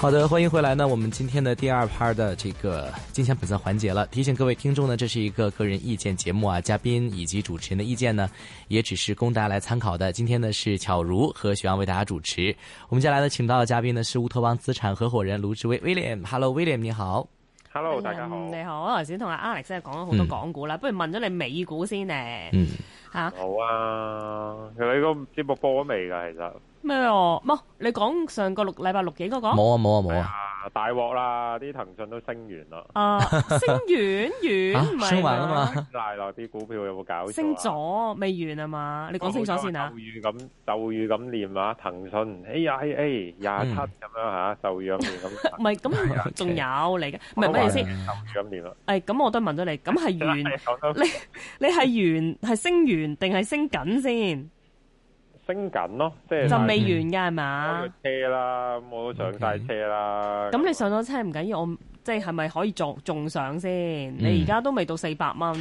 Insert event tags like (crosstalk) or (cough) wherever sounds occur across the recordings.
好的，歡迎回來呢。我們今天的第二 part 的這個金錢本色環節了。提醒各位聽眾呢，這是一個個人意見節目啊，嘉賓以及主持人的意見呢，也只是供大家來參考的。今天呢是巧如和徐洋為大家主持。我們接下來呢請到的嘉賓呢是烏托邦資產合伙人盧志威 William。Hello William，你好。Hello 大家好。嗯、你好，我頭先同阿 Alex 講咗好多港股啦，不如問咗你美股先呢？嗯，好、嗯、啊，啊，其實你個節目播咗未噶？其實。咩？唔好，你講上個六禮拜六幾嗰個？冇啊冇啊冇啊！大鑊啦，啲騰訊都升完啦。啊，升完完？唔係升完啊嘛，大咯，啲股票有冇搞？升咗未完啊嘛？你講清楚先啦。斗語咁斗語咁念啊，騰訊，哎呀哎呀，廿七咁樣吓，斗語咁念咁。唔係咁，仲有嚟嘅？唔係咩意思？斗語咁念咯。誒，咁我都問咗你，咁係完？你你係完係升完定係升緊先？升緊咯，即係就未完㗎係嘛？嗯、了車啦，嗯、我都上晒車啦。咁 Okay. 吧你上咗車唔緊要，我即係係咪可以中中上先？嗯、你而家都未到四百蚊，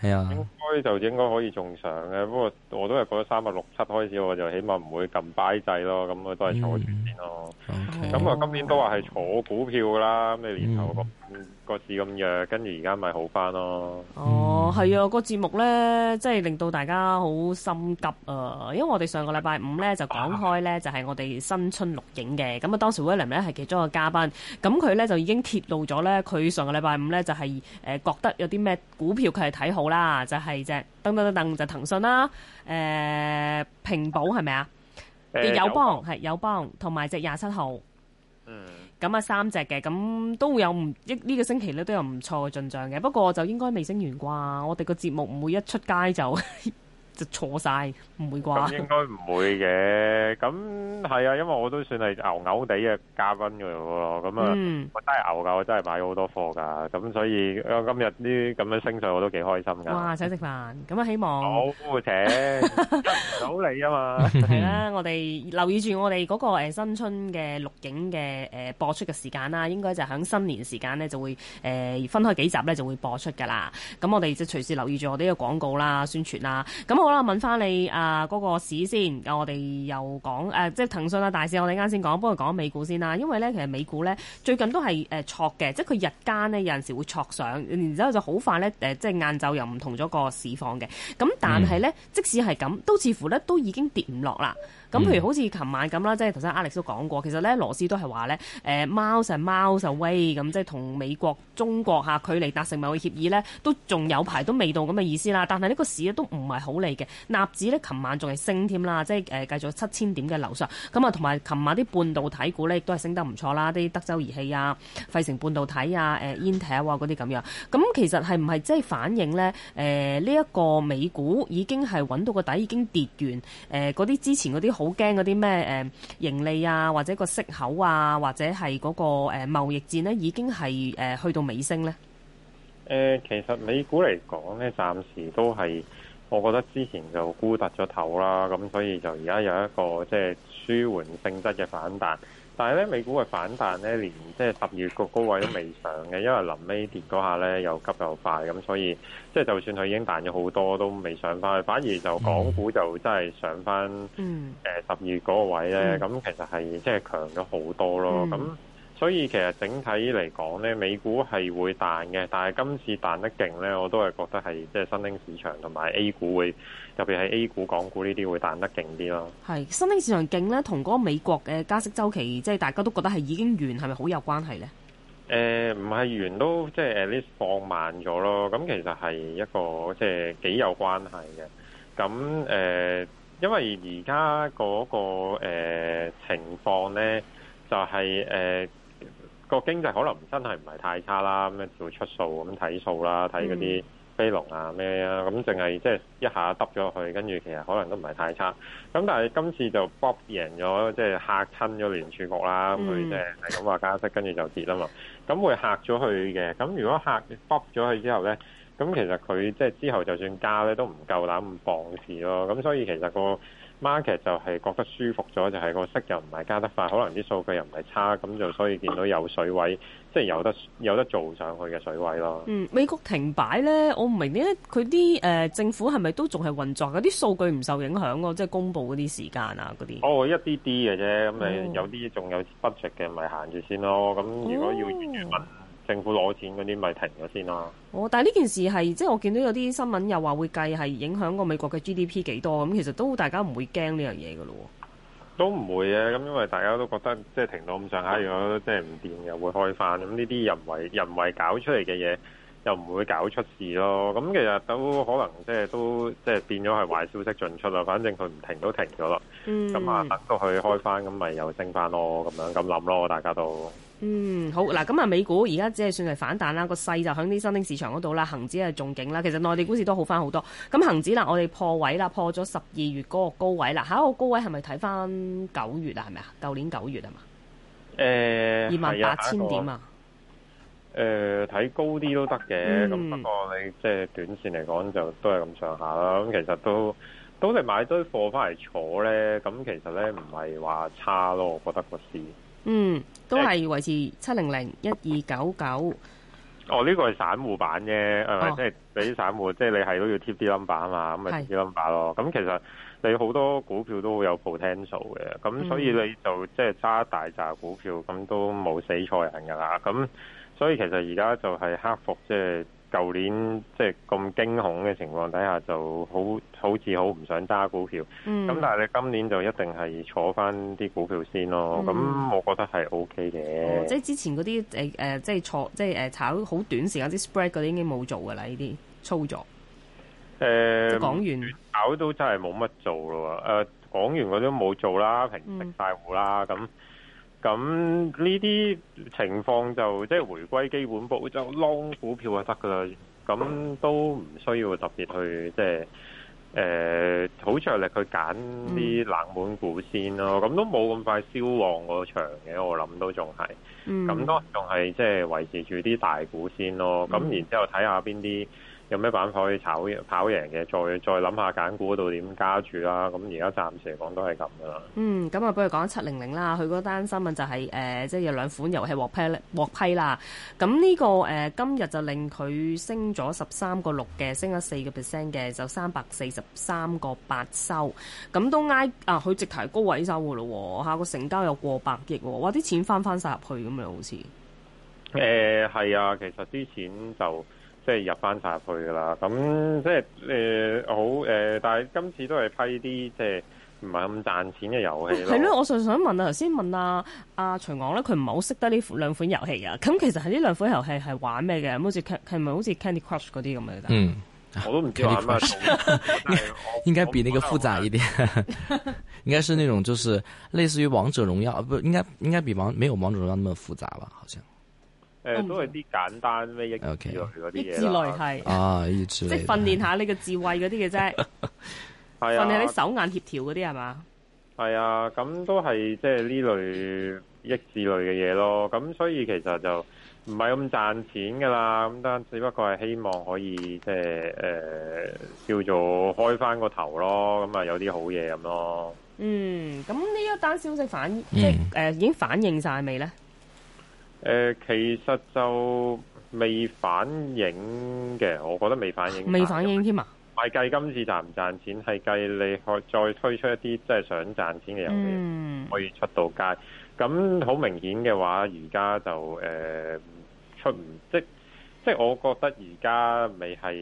係啊的，應該就應該可以中上嘅。不過我都係講得三百六七開始，我就起碼唔會撳 Buy 制咯。咁我都係坐住。嗯咁啊，Okay. 今年都話係坐股票噶啦，咩年頭個個市咁弱，跟住而家咪好翻咯。哦、嗯，係啊，個、啊、節目咧，即係令到大家好心急啊，因為我哋上個禮拜五咧就講開咧，就係我哋新春錄影嘅，咁啊當時 William 咧係其中一個嘉賓，咁佢咧就已經貼到咗咧，佢上個禮拜五咧就係、是、誒、呃、覺得有啲咩股票佢係睇好啦，就係只等等等就騰訊啦，誒平保係咪啊？呃呃、友邦係友邦，同埋隻廿七號，咁啊、嗯、三隻嘅，咁都會有唔一呢個星期咧都有唔錯嘅進帳嘅。不過就應該未升完啩，我哋個節目唔會一出街就。 (laughs) 就錯曬，唔會啩？咁應該唔會嘅，咁係啊，因為我都算係牛牛地嘅嘉賓嘅喎，咁啊，我真係牛噶，我真係買咗好多貨噶，咁所以今日呢咁樣升上，我都幾開心噶。哇！想食飯，咁啊希望好請走你啊嘛！係啦，我哋留意住我哋嗰個誒新春嘅錄影嘅誒播出嘅時間啦，應該就喺新年時間咧就會誒分開幾集咧就會播出噶啦。咁我哋就隨時留意住我哋嘅廣告啦、宣傳啦，咁。好啦，問翻你啊，嗰、呃那個市先，我哋又講誒、呃，即係騰訊啊大市，我哋啱先講，不如講美股先啦。因為咧，其實美股咧最近都係誒挫嘅，即係佢日間咧有陣時會挫上，然之後就好快咧誒、呃，即係晏晝又唔同咗個市況嘅。咁、嗯、但係咧，即使係咁，都似乎咧都已經跌唔落啦。咁、嗯、譬、嗯、如好似琴晚咁啦，即係頭先 Alex 都講過，其實咧羅斯都係話咧誒，貓就 away 咁，即係同美國、中國嚇、啊、距離達成某個協議咧，都仲有排都未到咁嘅意思啦。但係呢個市咧都唔係好理。納指咧，琴晚仲係升添啦，即係誒繼續七千點嘅樓上。咁、嗯、啊，同埋琴晚啲半導體股咧，亦都係升得唔錯啦，啲德州儀器啊、費城半導體啊、誒、呃、Intel 啊嗰啲咁樣。咁、嗯、其實係唔係即係反映咧？誒呢一個美股已經係揾到個底，已經跌完。誒嗰啲之前嗰啲好驚嗰啲咩誒盈利啊，或者個息口啊，或者係嗰、那個誒、呃、貿易戰呢，已經係誒、呃、去到尾聲呢？誒、呃，其實美股嚟講咧，暫時都係。我覺得之前就孤突咗頭啦，咁所以就而家有一個即係舒緩性質嘅反彈。但係咧，美股嘅反彈咧，連即係十月個高位都未上嘅，因為臨尾跌嗰下咧又急又快，咁所以即係、就是、就算佢已經彈咗好多，都未上翻去。反而就港股就真係上翻誒十月嗰個位咧，咁、mm. 其實係即係強咗好多咯。咁、mm. 所以其實整體嚟講咧，美股係會彈嘅，但係今次彈得勁咧，我都係覺得係即係新興市場同埋 A 股會，特別係 A 股、港股呢啲會彈得勁啲咯。係新興市場勁咧，同嗰個美國嘅加息週期，即係大家都覺得係已經完，係咪好有關係咧？誒、呃，唔係完都即係 at least 放慢咗咯。咁其實係一個即係幾有關係嘅。咁誒、呃，因為而家嗰個、呃、情況咧，就係、是、誒。呃個經濟可能真係唔係太差啦，咁樣做出數咁睇數啦，睇嗰啲飛龍啊咩啊，咁淨係即係一下揼咗佢，跟住其實可能都唔係太差。咁但係今次就卜贏咗，即係嚇親咗聯儲局啦，咁佢即係咁話加息，跟住就跌啦嘛。咁會嚇咗佢嘅。咁如果嚇卜咗佢之後咧，咁其實佢即係之後就算加咧都唔夠膽咁放肆咯。咁所以其實個 market 就係覺得舒服咗，就係個息又唔係加得快，可能啲數據又唔係差，咁就所以見到有水位，即係有得有得做上去嘅水位咯。嗯，美國停擺咧，我唔明點解佢啲誒政府係咪都仲係運作？嗰啲數據唔受影響喎，即係公佈嗰啲時間啊嗰啲。哦，一啲啲嘅啫，咁你有啲仲有 budget 嘅，咪行住先咯。咁如果要完月問。哦。政府攞錢嗰啲咪停咗先咯。哦，但係呢件事係即係我見到有啲新聞又話會計係影響個美國嘅 GDP 幾多咁，其實都大家唔會驚呢樣嘢嘅咯。都唔會嘅，咁因為大家都覺得即係停到咁上下，如果即係唔掂又會開翻，咁呢啲人為人為搞出嚟嘅嘢又唔會搞出事咯。咁其實都可能即係都即係變咗係壞消息進出啦。反正佢唔停都停咗啦。咁啊、嗯，等到去開翻咁，咪又升翻咯。咁樣咁諗咯，大家都。嗯，好嗱，咁啊，美股而家只係算係反彈啦，個勢就喺啲新興市場嗰度啦，恒指係仲勁啦，其實內地股市都好翻好多。咁恒指啦，我哋破位啦，破咗十二月嗰個高位啦，下一個高位係咪睇翻九月啊？係咪啊？舊年九月係嘛？誒，二萬八千點啊？誒、呃，睇高啲都得嘅，咁、嗯、不過你即係短線嚟講就都係咁上下啦。咁其實都都嚟買堆貨翻嚟坐咧，咁其實咧唔係話差咯，我覺得個市。嗯，都係維持七零零一二九九。哦，呢、呢個係散戶版嘅，係、哦、即係俾散戶，即係你係都要貼啲 number 嘛，咁咪貼 number 咯。咁是其實你好多股票都會有 potential 嘅，咁所以你就、嗯、即係揸大紮股票，咁都冇死錯人㗎啦。咁所以其實而家就係克服即係。就係舊年即係咁驚恐嘅情況底下，就好好似好唔想揸股票。咁、嗯、但係你今年就一定係坐翻啲股票先咯。咁、嗯、我覺得係 O K 嘅。即係之前嗰啲誒誒，即係坐即係誒炒好短時間啲 spread 嗰啲已經冇做㗎啦，呢啲操作。誒、呃呃，講完炒都真係冇乜做咯。誒，講完嗰啲都冇做啦，平息大戶啦咁。嗯咁呢啲情況就即係回歸基本步，就 long 股票就得噶啦，咁都唔需要特別去即係誒，好、呃、着力去揀啲冷門股先咯，咁都冇咁快消亡嗰場嘅，我諗都仲係，咁都仲係即係維持住啲大股先咯，咁然之後睇下邊啲。有咩辦法可以炒贏、跑贏嘅？再再諗下揀股度點加住啦。咁而家暫時嚟講都係咁噶啦。嗯，咁啊，不如講七零零啦。佢嗰單新聞就係、是、誒，即、呃、係、就是、有兩款遊戲獲批獲批啦。咁呢、這個誒、呃，今日就令佢升咗十三個六嘅，升咗四個 percent 嘅，就三百四十三個八收。咁都挨啊！佢直頭高位收嘅咯喎，下個成交又過百億喎、啊，哇！啲錢翻翻晒入去咁樣好似。誒係、嗯呃、啊，其實啲錢就～即係入翻晒入去噶啦，咁、嗯、即係誒、呃、好誒、呃，但係今次都係批啲即係唔係咁賺錢嘅遊戲咯。係咯，我就想問啊頭先問啊，阿徐昂咧，佢唔係好識得呢兩款遊戲嘅。咁其實係呢兩款遊戲係玩咩嘅？好似係係咪好似 Candy Crush 嗰啲咁嘅？嗯，我都唔 Candy Crush，應該比呢個複雜一點， (laughs) 應該是那種就是類似於《王者榮耀》，不，不應該應該比王沒有《王者榮耀》那麼複雜吧？好像。誒、呃，都係啲簡單咩益智類嗰啲嘢吓，即係訓練下你嘅智慧嗰啲嘅啫，訓 (laughs) 練 (laughs) 你手眼協調嗰啲係嘛？係啊，咁都係即係呢類益智類嘅嘢咯。咁所以其實就唔係咁賺錢噶啦，咁但只不過係希望可以即係誒，叫做開翻個頭咯。咁啊有啲好嘢咁咯。嗯，咁呢一單消息反即係誒已經反映晒未咧？誒、呃，其實就未反映嘅，我覺得未反映，未反映添啊！唔係計今次賺唔賺錢，係計你可再推出一啲即係想賺錢嘅遊戲，可以出到街。咁好、嗯、明顯嘅話，而家就誒、呃、出唔即即係，我覺得而家未係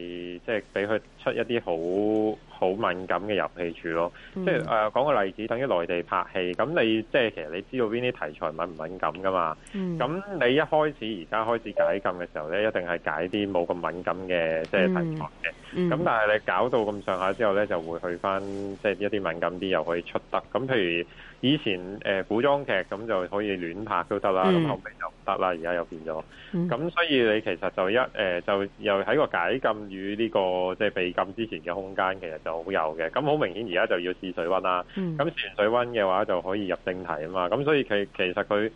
即係俾佢出一啲好。好敏感嘅遊戲處咯，即係誒講個例子，等於內地拍戲，咁你即係其實你知道邊啲題材敏唔敏感噶嘛？嗯，咁你一開始而家開始解禁嘅時候咧，一定係解啲冇咁敏感嘅即係題材嘅。咁、嗯、但係你搞到咁上下之後呢，就會去翻即係一啲敏感啲又可以出得咁。譬如以前誒古裝劇咁就可以亂拍都得啦，咁、嗯、後尾就唔得啦，而家又變咗。咁、嗯、所以你其實就一誒就又喺個解禁與呢、這個即係、就是、被禁之前嘅空間，其實就好有嘅。咁好明顯，而家就要試水溫啦。咁試完、嗯、水溫嘅話就可以入正題啊嘛。咁所以其其實佢。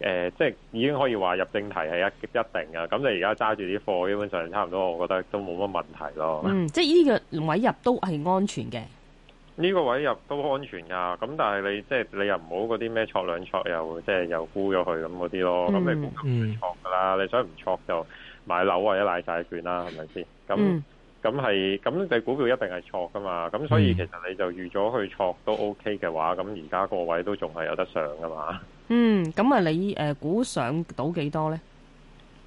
誒，即係已經可以話入正題係一一定噶，咁你而家揸住啲貨，基本上差唔多，我覺得都冇乜問題咯。嗯，即係呢個位入都係安全嘅。呢個位入都安全噶，咁但係你即係你又唔好嗰啲咩錯兩錯又即係又沽咗去咁嗰啲咯。咁你股票唔錯噶啦，你想唔錯就買樓或者買債券啦，係咪先？咁咁係咁你股票一定係錯噶嘛？咁所以其實你就預咗去錯都 OK 嘅話，咁而家個位都仲係有得上噶嘛？嗯，咁啊，你誒估上到幾多咧？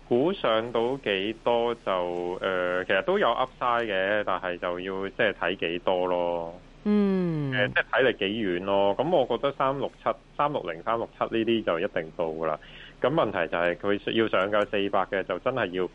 估上到幾多，到多就誒、呃，其實都有 upside 嘅，但係就要即係睇幾多咯。嗯，誒、呃，即係睇嚟幾遠咯。咁我覺得三六七、三六零、三六七呢啲就一定到噶啦。咁問題就係佢要上夠四百嘅，就真係要。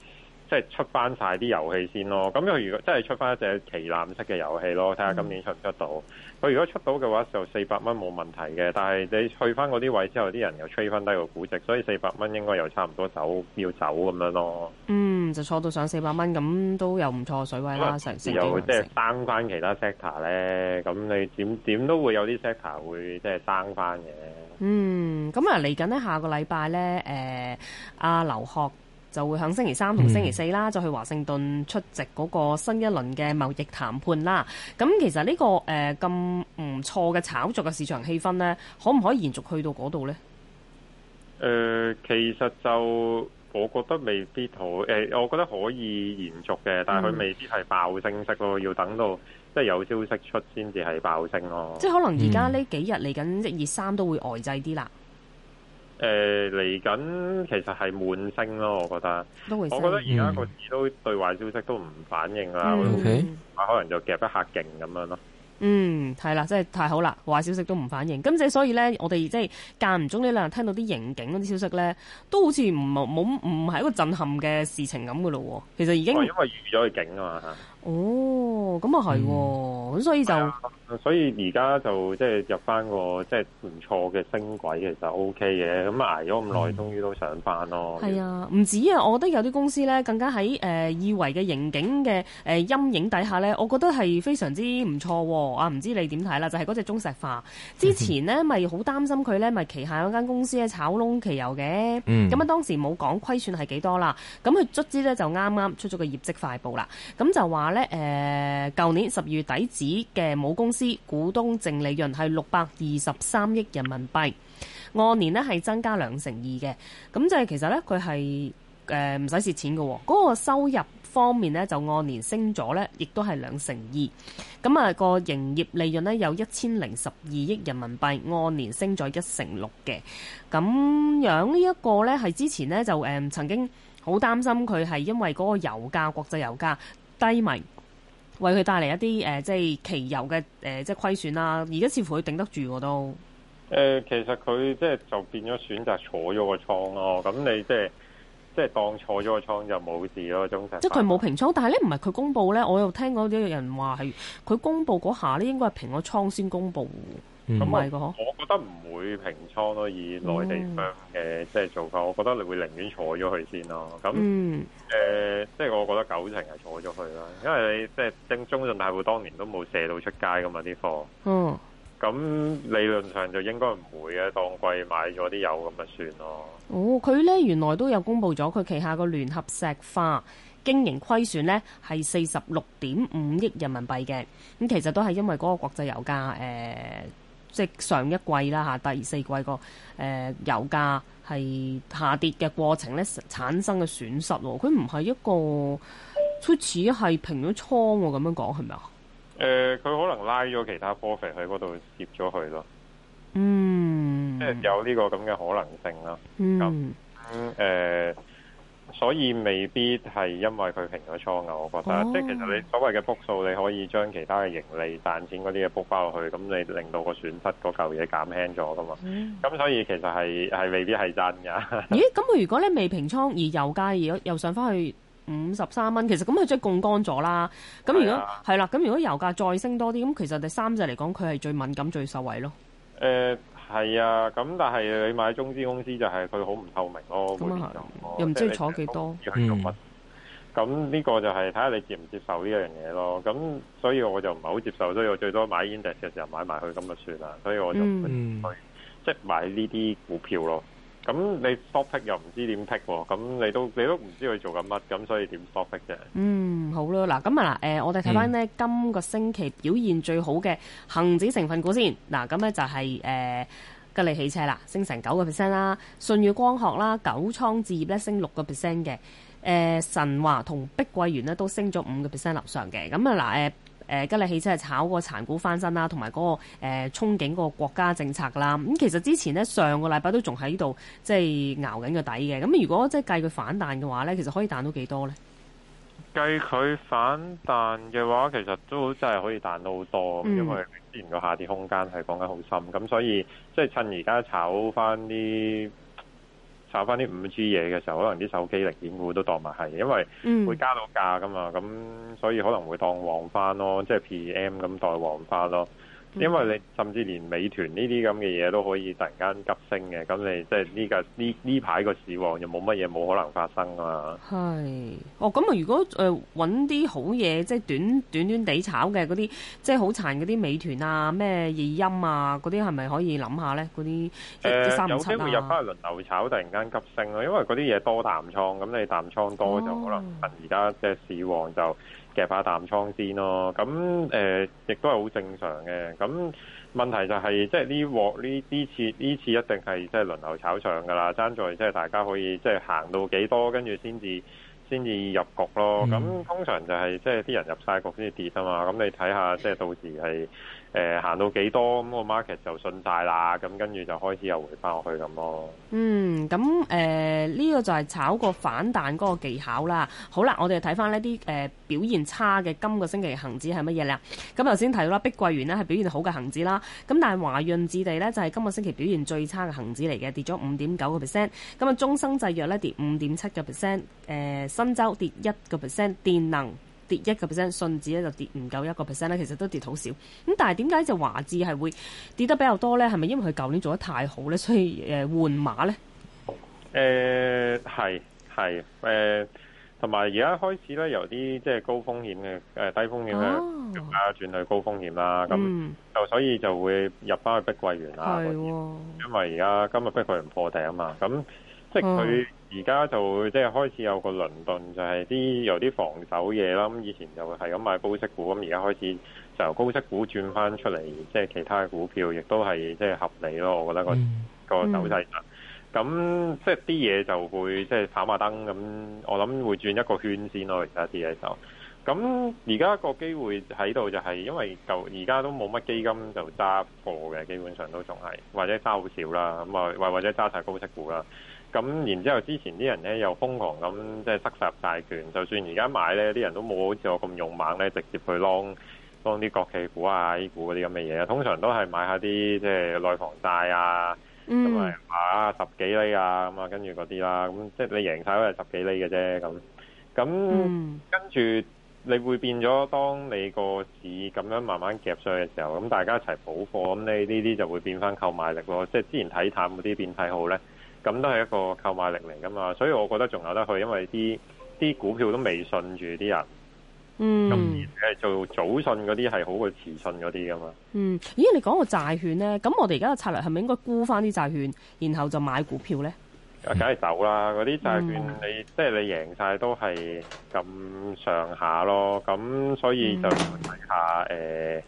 即係出翻晒啲遊戲先咯，咁佢如果真係出翻隻旗艦式嘅遊戲咯，睇下今年出唔出到。佢、嗯、如果出到嘅話，就四百蚊冇問題嘅。但係你去翻嗰啲位之後，啲人又吹翻低個估值，所以四百蚊應該又差唔多走要走咁樣咯。嗯，就坐到上四百蚊咁都有唔錯水位啦，成先、嗯、幾。又即係升翻其他 sector 咧，咁你點點都會有啲 sector 會即係升翻嘅。嗯，咁啊嚟緊咧下個禮拜咧，誒、呃、阿劉學，就會響星期三同星期四啦，就去華盛頓出席嗰個新一輪嘅貿易談判啦。咁其實呢、呢個誒咁唔錯嘅炒作嘅市場氣氛呢，可唔可以延續去到嗰度呢？誒、呃，其實就我覺得未必好誒、呃，我覺得可以延續嘅，但係佢未必係爆升式咯，要等到即係有消息出先至係爆升咯、啊。即係可能而家呢幾日嚟緊一、二、三都會呆滯啲啦。誒，嚟緊、呃、其實係滿升咯，我覺得。都會升。我覺得而家個市都對壞消息都唔反應啦。嗯、可能就夾得下勁咁樣咯、嗯。嗯，係啦，真係太好啦，壞消息都唔反應。咁即係所以咧，我哋即係間唔中呢兩日聽到啲刑警嗰啲消息咧，都好似唔冇唔係一個震撼嘅事情咁嘅咯。其實已經。哦、因為預咗要警啊嘛吓。哦，咁啊係，咁、嗯、所以就，啊、所以而家就即係入翻個即係唔錯嘅升軌，其實 O K 嘅，咁挨咗咁耐，終於、嗯、都上翻咯。係啊，唔樣止啊，我覺得有啲公司咧更加喺誒二維嘅刑警嘅誒陰影底下咧，我覺得係非常之唔錯。啊，唔知你點睇啦？就係嗰隻中石化，之前呢咪好擔心佢咧咪旗下有間公司咧炒窿期油嘅，咁啊當時冇講虧損係幾多啦，咁佢卒之咧就啱啱出咗個業績快報啦，咁就話。咧，誒、呃，舊年十二月底止嘅母公司股東淨利潤係六百二十三億人民幣，按年呢係增加兩成二嘅。咁就係其實呢，佢係誒唔使蝕錢嘅、哦。嗰、嗰個收入方面呢，就按年升咗呢，亦都係兩成二。咁啊，個營業利潤呢，有一千零十二億人民幣，按年升咗一成六嘅。咁樣呢一個呢，係之前呢，就誒、呃、曾經好擔心佢係因為嗰個油價，國際油價。低迷，為佢帶嚟一啲誒、呃，即係期油嘅誒、呃，即係虧損啦。而家似乎佢頂得住我都。誒、呃，其實佢即係就變咗選擇坐咗個倉咯。咁你即係即係當坐咗個倉就冇事咯，總之，即係佢冇平倉，但係咧唔係佢公佈咧，我又聽過啲人話係佢公佈嗰下咧，應該係平咗倉先公佈。咁、嗯、我我覺得唔會平倉咯，以、嗯、內地商嘅即係做法，我覺得你會寧願坐咗佢先咯。咁誒、嗯呃，即係我覺得九成係坐咗佢啦，因為你即係正中信大會當年都冇射到出街噶嘛啲貨。嗯，咁理論上就應該唔會嘅。當季買咗啲油咁咪算咯。哦，佢咧原來都有公布咗佢旗下個聯合石化經營虧損咧係四十六點五億人民幣嘅。咁其實都係因為嗰個國際油價誒。呃即上一季啦嚇，第四季個誒、呃、油價係下跌嘅過程咧，產生嘅損失喎，佢唔係一個初似係平咗倉喎，咁樣講係咪啊？誒、呃，佢可能拉咗其他波幅喺嗰度接咗佢咯。嗯，即、呃、有呢個咁嘅可能性啦。咁誒、嗯。所以未必係因為佢平咗倉啊，我覺得。即係其實你所謂嘅 book 數，你可以將其他嘅盈利賺錢嗰啲嘢 book 包落去，咁你令到個損失嗰嚿嘢減輕咗噶嘛。嗯。咁所以其實係係未必係真㗎。嗯、 (laughs) 咦？咁佢如果你未平倉而油價而又上翻去五十三蚊，其實咁佢即係槓桿咗啦。咁如果係啦。咁的如果油價再升多啲，咁其實第三隻嚟講，佢係最敏感、最受惠咯。誒、呃。係啊，咁但係你買中資公司就係佢好唔透明咯，咁啊，就又唔知坐幾多，做乜，嗯？咁呢個就係睇下你接唔接受呢樣嘢咯。咁所以我就唔係好接受，所以我最多買 index 嘅時候買埋去咁就算啦。所以我就唔去，即係、嗯、買呢啲股票咯。咁你 short pick 又唔知點 pick，咁你都你都唔知佢做緊乜，咁所以點 short pick 啫？嗯。好啦，嗱咁啊，嗱，誒，我哋睇翻咧今個星期表現最好嘅恒指成分股先，嗱、呃，咁咧就係、是、誒、呃、吉利汽車啦，升成九個 percent 啦，舜宇光學啦，九倉置業咧升六個 percent 嘅，誒、呃、神華同碧桂園咧都升咗五個 percent 樓上嘅。咁、呃、啊，嗱、呃，誒誒吉利汽車係炒過殘股翻身啦，同埋嗰個、呃、憧憬嗰個國家政策啦。咁、嗯、其實之前咧上個禮拜都仲喺度即係熬緊個底嘅。咁如果即係計佢反彈嘅話咧，其實可以彈到幾多咧？計佢反彈嘅話，其實都真係可以彈到好多，嗯、因為之前個下跌空間係講緊好深，咁所以即係、就是、趁而家炒翻啲炒翻啲五 G 嘢嘅時候，可能啲手機零件股都當埋係，因為會加到價噶嘛，咁所以可能會當旺翻咯，即係 P M 咁代旺翻咯。因為你甚至連美團呢啲咁嘅嘢都可以突然間急升嘅，咁你即係呢、呢個呢呢排個市旺又冇乜嘢冇可能發生啊嘛。係，哦咁啊，如果誒揾啲好嘢，即係短短短地炒嘅嗰啲，即係好殘嗰啲美團啊、咩易鑫啊嗰啲，係咪可以諗下咧？嗰啲誒有機會入翻去輪流炒，突然間急升咯，因為嗰啲嘢多淡倉，咁你淡倉多、哦、就可能而家即係市旺就。夾下啖倉先咯，咁誒、呃、亦都係好正常嘅。咁問題就係、是，即係呢鑊呢啲次呢次一定係即係輪流炒上㗎啦，爭在即係大家可以即係行到幾多，跟住先至先至入局咯。咁、嗯、通常就係、是、即係啲人入晒局先至跌啊嘛。咁你睇下，即係到時係。誒，行到幾多咁個 market 就信晒啦，咁跟住就開始又回翻落去咁咯。嗯，咁誒呢個就係炒個反彈嗰個技巧啦。好啦，我哋睇翻呢啲誒、呃、表現差嘅今、這個星期恒指係乜嘢啦？咁頭先提到啦，碧桂園呢係表現好嘅恒指啦，咁但係華潤置地呢，就係、是、今個星期表現最差嘅恒指嚟嘅，跌咗五點九個 percent。咁啊，中生製藥呢，跌五點七個 percent，誒，新洲跌一個 percent，電能。1 跌一個 percent，信紙咧就跌唔夠一個 percent 咧，其實都跌好少。咁但係點解隻華智係會跌得比較多咧？係咪因為佢舊年做得太好咧，所以誒、呃、換馬咧？誒係係誒，同埋而家開始咧，由啲即係高風險嘅誒、呃、低風險嘅而家轉去高風險啦。咁、哦、就所以就會入翻去碧桂園啦。係因為而家今日碧桂園破頂啊嘛。咁即係佢、嗯。而家就即係開始有個輪動，就係啲有啲防守嘢啦。咁以前就係咁買高息股，咁而家開始就由高息股轉翻出嚟，即係其他嘅股票，亦都係即係合理咯。我覺得個個走勢咁即係啲嘢就會即係跑馬燈咁，我諗會轉一個圈先咯。而家啲嘢就咁，而家個機會喺度就係因為就而家都冇乜基金就揸貨嘅，基本上都仲係或者揸好少啦。咁啊，或或者揸晒高息股啦。咁然之後，之前啲人咧又瘋狂咁即係塞曬入債券，就算而家買咧，啲人都冇好似我咁勇猛咧，直接去擼擼啲國企股啊、A 股嗰啲咁嘅嘢。通常都係買下啲即係內房債啊，咁、嗯、啊話啊十幾厘啊，咁啊跟住嗰啲啦，咁即係你贏晒都係十幾厘嘅啫咁。咁、嗯、跟住你會變咗，當你個市咁樣慢慢夾上去嘅時候，咁大家一齊補貨，咁你呢啲就會變翻購買力咯。即係之前睇淡嗰啲變睇好咧。咁都係一個購買力嚟㗎嘛，所以我覺得仲有得去，因為啲啲股票都未信住啲人，咁、嗯、而係做早信嗰啲係好過遲信嗰啲㗎嘛。嗯，咦？你講個債券咧，咁我哋而家嘅策略係咪應該沽返啲債券，然後就買股票咧？梗係走啦，嗰啲債券、嗯、你即係、就是、你贏晒都係咁上下咯，咁所以就睇下誒。嗯呃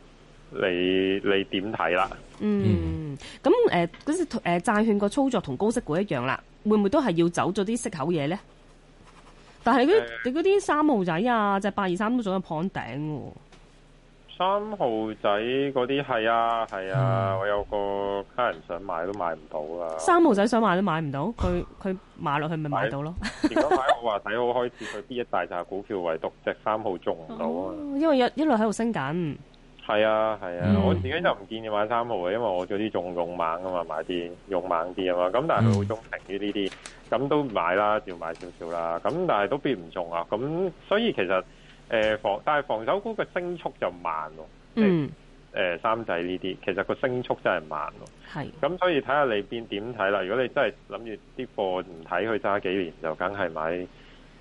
你你點睇啦？嗯，咁誒嗰隻誒債券個操作同高息股一樣啦，會唔會都係要走咗啲息口嘢咧？但係嗰啲嗰啲三號仔啊，隻八二三都仲有破頂喎、啊。三號仔嗰啲係啊係啊，啊嗯、我有個家人想買都買唔到啦。三號仔想買都買唔到，佢佢買落去咪買到咯？如果買我話睇，好開始佢 B (laughs) 一大紮股票，唯獨隻三號中唔到啊、哦，因為一一路喺度升緊。係啊係啊，啊 mm. 我自己就唔建議買三號嘅，因為我做啲仲勇猛啊嘛，買啲勇猛啲啊嘛，咁但係佢好鍾情於呢啲，咁都買啦，照買少少啦，咁但係都變唔中啊，咁所以其實誒防、呃，但係防守股嘅升速就慢咯，嗯、就是，誒、mm. 呃、三仔呢啲，其實個升速真係慢咯，係是，咁所以睇下你變點睇啦，如果你真係諗住啲貨唔睇佢揸幾年，就梗係買。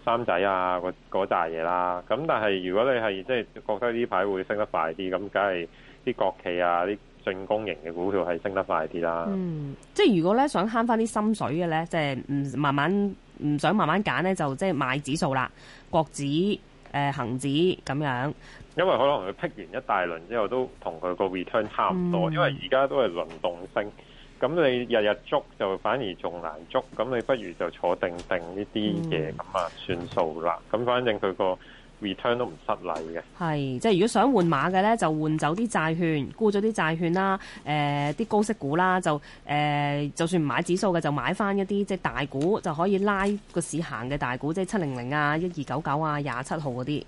三仔啊，嗰嗰扎嘢啦，咁但係如果你係即係覺得呢排會升得快啲，咁梗係啲國企啊，啲進攻型嘅股票係升得快啲啦。嗯，即係如果咧想慳返啲心水嘅咧，即係唔慢慢唔想慢慢揀咧，就即係買指數啦，國指、誒、呃、恆指咁樣。因為可能佢辟完一大輪之後，都同佢個 return 差唔多，嗯、因為而家都係輪動升。咁你日日捉就反而仲難捉，咁你不如就坐定定呢啲嘢，咁啊、嗯、算數啦。咁反正佢個 return 都唔失禮嘅。係，即係如果想換馬嘅咧，就換走啲債券，沽咗啲債券啦，誒、呃、啲高息股啦，就誒、呃、就算唔買指數嘅，就買翻一啲即係大股，就可以拉個市行嘅大股，即係七零零啊、一二九九啊、廿七號嗰啲。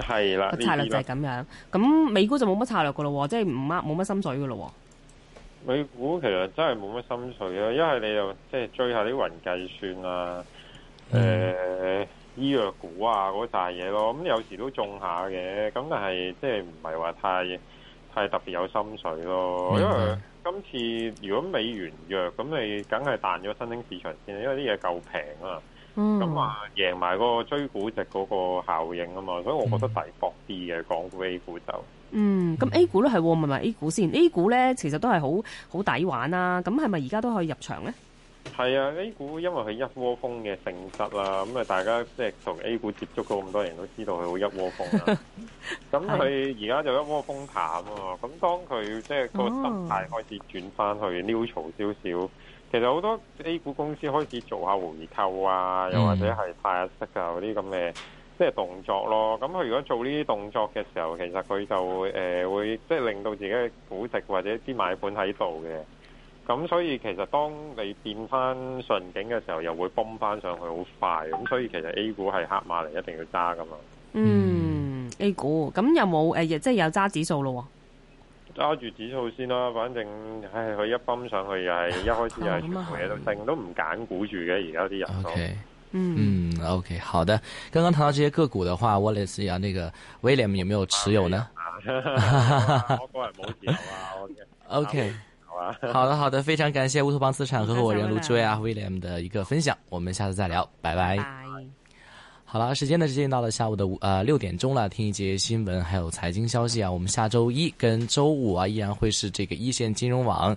係啦，個策略就係咁樣。咁美股就冇乜策略噶咯喎，即係唔呃冇乜心水噶咯喎。美股其實真係冇乜心水咯，因為你又即係追下啲雲計算啊、誒、嗯呃、醫藥股啊嗰大嘢咯。咁、嗯、有時都中下嘅，咁但係即係唔係話太太特別有心水咯。因為、嗯、今次如果美元弱，咁你梗係彈咗新興市場先，因為啲嘢夠平啊。咁、嗯嗯嗯、啊，贏埋個追估值嗰個效應啊嘛，所以我覺得大博啲嘅港股 A 股就。嗯嗯，咁 A 股都係，唔唔係 A 股先？A 股咧其實都係好好抵玩啊。咁係咪而家都可以入場咧？係啊，A 股因為佢一窩蜂嘅性質啦，咁啊大家即係同 A 股接觸過咁多人都知道佢好一窩蜂啊。咁佢而家就一窩蜂淡啊嘛。咁 (laughs) 當佢即係個心態開始轉翻去 new 潮少少，其實好多 A 股公司開始做下回購啊，嗯、又或者係派息啊嗰啲咁嘅。即係動作咯，咁佢如果做呢啲動作嘅時候，其實佢就誒會、呃、會即係令到自己嘅估值或者啲買盤喺度嘅。咁所以其實當你變翻順境嘅時候，又會崩翻上去好快。咁所以其實 A 股係黑馬嚟，一定要揸㗎嘛。嗯，A 股咁有冇誒？亦、呃、即係有揸指數咯？揸住指數先啦，反正唉，佢一崩上去又係 (laughs) 一開始係全部嘢都升， (laughs) 都唔揀估住嘅。而家啲人。Okay. 嗯，OK，好的。剛剛談到這些個股的話，我類似啊，那個 William 有沒有持有呢 (laughs) ？OK，好的，好的，非常感謝烏托邦資產合伙人盧志威啊 William 的一個分享，我們下次再聊，拜拜。Bye. 好了，時間呢就到了下午的五呃，六點鐘了。聽一節新聞，還有財經消息啊，我們下周一跟周五啊依然會是這個一線金融網。